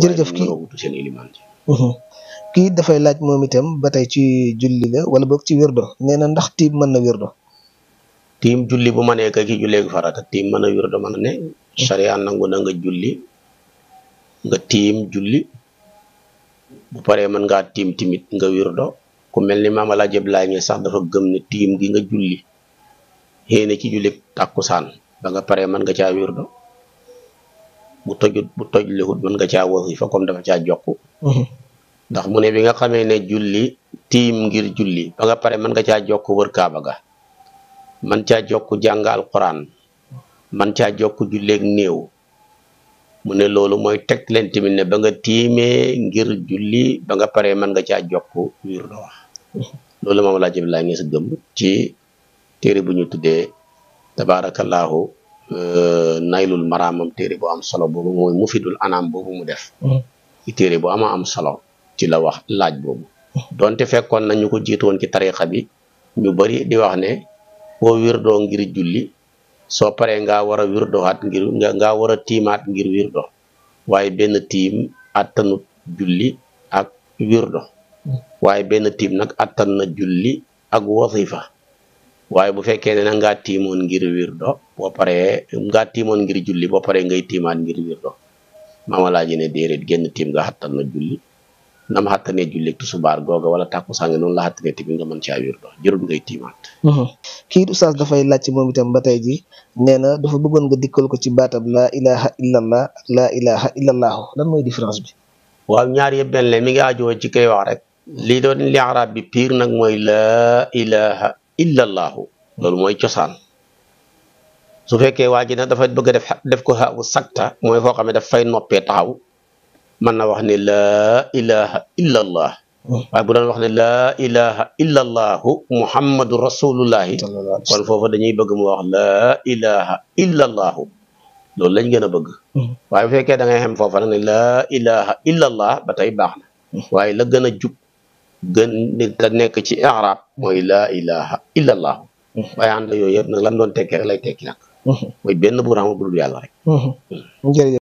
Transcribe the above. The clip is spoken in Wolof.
jërëjëf ki mhm. kii dafay laaj moom itam ba tey ci julli la wala boog ci wirdo nee na ndax tiim mën na wirdo tiim julli bu ma nee ka ki julleegi farata tiim mën a wirdo mën a ne mhm. sharia nangu na nga julli nga tiim julli bu paree mën ngaa tiim timit nga wirdo ku mel ni maam Alaaji Ablaay nge sax dafa gëm ne tiim gi nga julli xéene ci julli tàkkusaan ba nga paree mën nga caa wirdo bu tojut bu toj liwut nga caa wasifa comme dafa caa jokk mhm. ndax mu ne bi nga xamee ne julli tiim ngir julli ba nga pare mën nga caa jokk wër kaaba ga man caa jokk jàng alquran man caa jokk julleeg néew mu ne loolu mooy teg leen tamit ne ba nga tiimee ngir julli ba nga pare mën nga caa jokk wiir do wax mhm. loolu moom laa jëb laa ngees gëm ci téere bu ñu tuddee tabaarakallaahu Euh, naylul maraamam téere bu am solo boobu mooy mufidul anam boobu mu def mm. téere bu ama am solo ci la wax laaj boobu donte fekkoon na ñu ko jiitoon ci tarixa bi ñu bari di wax ne boo wirdoo ngir julli soo paree nga war a at ngir nga war a tiimaat ngir wirdo waaye benn tiim attanut julli ak wirdo mm. waaye benn tiim nag attan na julli ak wasifa waaye bu fekkee ne nag ngaa tiimoon ngir wirdo boo paree ngaa tiimoon ngir julli boo paree ngay tiimaat ngir wirdo maama laa ji ne déedéet génn tiim nga xattan na julli nam xattane julli tusubaar googa wala tàkkusaan noonu la xattane tiim nga mën caa wirdo jërul ngay tiimaat mhm. kii oustaz dafay laajte moom itam ba tey ji nee na dafa bëggoon nga dikkal ko ci baatab laa ilaha illallah ak laa ilaha illallahu lan mooy différence bi waaw ñaar yëpp benn la mi ngi ajoo rek lii doon bi piir nag mooy illallaahu loolu mooy cosaan su fekkee waa ji nag dafa bëgg def def ko xawu sakta mooy foo xam ne daf fay noppee taxaw mën na wax ne laa ilaha illallah waaye bu doon wax ne laa ilaha illallahu muhammadu rasulullahi kon foofu dañuy bëgg mu wax laa illa illallahu loolu lañ gën a bëgg mm-hmm. waaye bu fekkee da foofa nag ne laa ilaha illallah ba tey baax na mm-hmm. waaye la gën a jub gën nga nekk ci i'rab mooy laa ilaha illa allah waaye ànd yooyu yëpp nag lan doon tekki rek lay tekki nag mm-hmm. mooy benn buur amul bu dul yàlla rek mm-hmm. mm. jërëjëf